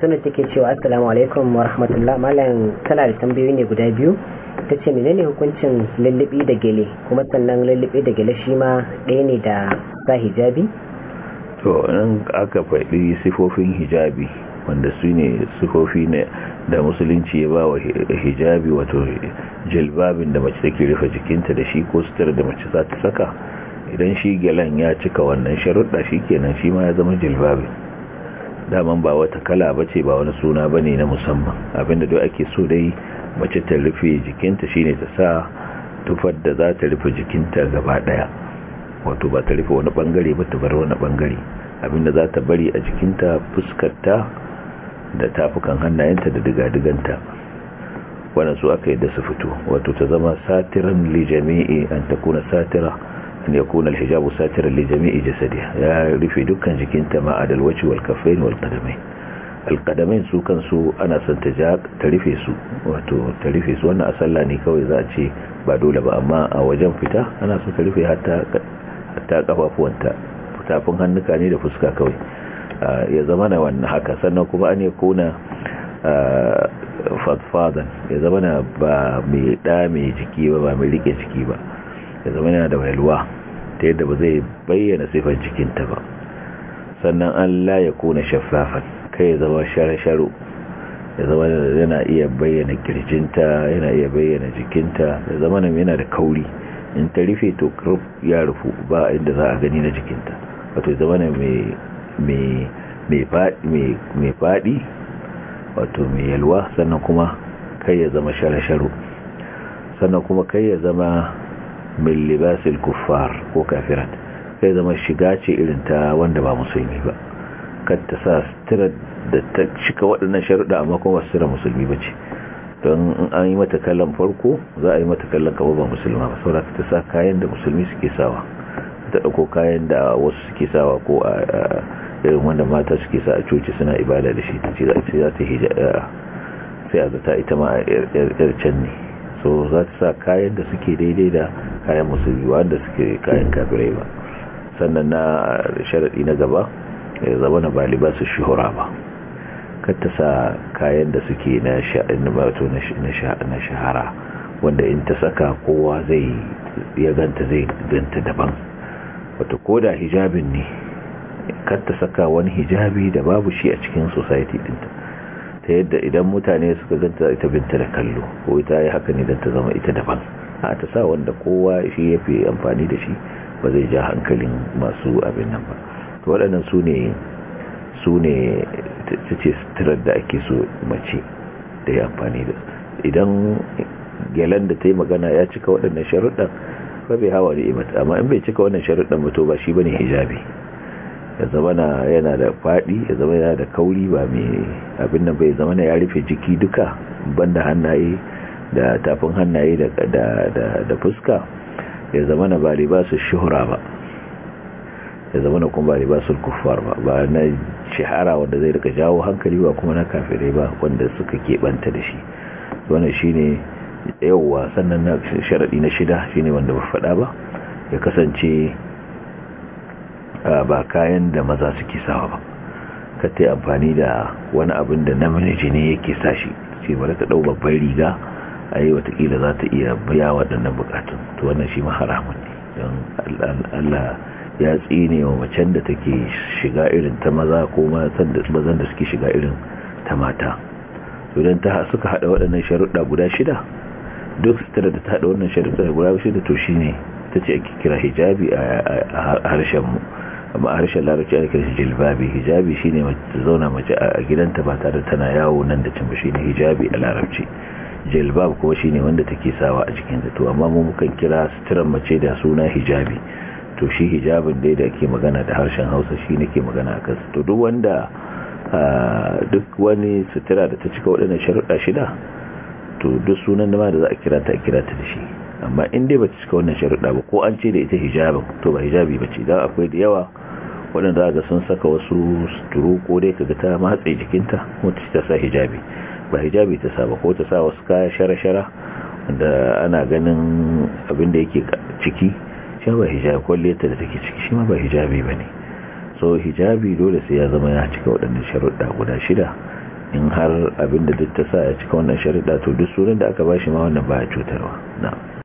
tana take cewa assalamu alaikum wa rahmatullah malam tana da tambayoyi ne guda biyu ta ce menene hukuncin lullubi da gele kuma sannan lullubi da gele shi ma ɗaya ne da sa hijabi to nan aka faɗi sifofin hijabi wanda su ne sifofi ne da musulunci ya ba wa hijabi wato jilbabin da mace take rufe jikinta da shi ko sutura da mace za ta saka idan shi gelan ya cika wannan sharuɗa shi kenan shi ma ya zama jilbabin daman ba wata kala ba ce ba wani suna ba ne na musamman abinda duk ake so dai mace ta rufe jikinta shine ta sa tufar da za ta rufe jikinta gaba daya wato ba ta rufe wani bangare ba ta bar wani bangare abinda za ta bari a jikinta fuskarta da tafukan hannayenta da digadiganta wannan su aka yi da su fito wato ta zama satiran lijami'i an ta kuna satira an yakuna hijabu satiran li jami'i jasadiha ya rufe dukkan jikinta ma adal wajhi wal kaffayn wal qadamayn su kansu ana son ta rufe su wato ta rufe su wannan a ne kawai za a ce ba dole ba amma a wajen fita ana son ta rufe hatta kafafuwanta tafin hannuka ne da fuska kawai ya zama na wannan haka sannan kuma an yakuna fadfadan ya zama na ba mai da mai jiki ba ba mai rike jiki ba ya zama yana da walwa ta yadda ba zai bayyana sifar jikinta ba sannan Allah ya kona shaffafan kai ya zama sharo-sharo ya zama yana iya bayyana kirjinta yana iya bayyana jikinta ya zama nan yana da kauri in ta rufe to ya rufu ba inda za a gani na jikinta wato zama nan mai faɗi wato mai yalwa sannan kuma kai ya zama sharo-sharo sannan kuma kai ya zama min libasil kuffar ko kafirat sai zama shiga ce irin ta wanda ba musulmi ba kar ta sa sutura da ta cika waɗannan sharuɗa amma kuma ba sutura musulmi ba ce don an yi mata kallon farko za a yi mata kallon kama ba musulma ba saura ta sa kayan da musulmi suke sawa ta ɗauko kayan da wasu suke sawa ko a irin wanda mata suke sa a coci suna ibada da shi ta ce za ta hijab eh, sai a zata ita ma a yar can ne so za ta sa kayan da suke daidai da kayan musulmi wanda suke kayan kafirai ba sannan na sharaɗi na gaba ya zama na baliba su shuhura ba ta sa kayan da suke na shahara wanda in ta saka kowa zai ya ganta zai ganta daban wata koda hijabin ne ta saka wani hijabi da babu shi a cikin society dinta ta yadda idan mutane suka ganta ita binta da kallo ko ita yi haka ne don ta zama ita daban a ta sa wanda kowa shi ya fi amfani da shi ba zai ja hankalin masu abin nan ba to waɗannan su ne su ne ta ce sitirar da ake so mace da ya amfani da idan gyalan da ta yi magana ya cika waɗannan sharuɗan ba bai hawa da imata amma in bai cika wannan sharuɗan ba ba shi ba ne hijabi ya zama yana da faɗi ya zama yana da kauri ba mai abin da bai zamana ya rufe jiki duka banda hannaye da tafin hannaye da fuska ya bari ba su shuhura ba ya na kuma ba su kuffar ba ba na shahara wanda zai rika jawo hankali ba kuma na kafirai ba wanda suka keɓanta da shi wannan shine yauwa sannan na sharaɗi na shida shine wanda ba faɗa ba ya kasance ba kayan da maza suke sawa ba ka ta amfani da wani abin da namiji ne yake sa shi ce bari ka ɗau babbar riga a yi watakila za ta iya biya waɗannan bukatun to wannan shi ma haramun ne don allah ya tsine wa macen da take shiga irin ta maza ko mazan da suke shiga irin ta mata idan ta suka hada waɗannan sharuɗa guda shida duk tare da ta hada wannan sharuɗa guda shida to shine ta ce ake kira hijabi a harshen mu amma harshen larabci ana da shi jilbabi hijabi shine ta zauna mace a gidanta ba tare tana yawo nan da cin shine hijabi a larabci jilbab kuma shine wanda take sawa a cikin to amma mu mukan kira suturan mace da suna hijabi to shi hijabin dai da ke magana da harshen Hausa shi ke magana a kansu to duk wanda duk wani sutura da ta cika waɗannan sharuɗa shida to duk sunan da ma da za a kira ta a kira ta da shi amma in dai bata cika wannan sharuɗa ba ko an ce da ita hijabin to ba hijabi ba ce dan akwai da yawa waɗanda ga sun saka wasu turu ko dai kaga ta matse jikinta ko ta sa hijabi ba hijabi ta sa ba ko ta sa wasu kaya shara-shara da ana ganin abin da yake ciki shi ba hijabi kwalliyarta da take ciki shi ma ba hijabi ba ne so hijabi dole sai ya zama ya cika waɗannan sharuɗa guda shida in har abin da duk ta sa ya cika wannan sharuɗa to duk sunan da aka ba shi ma wannan ba ya cutarwa na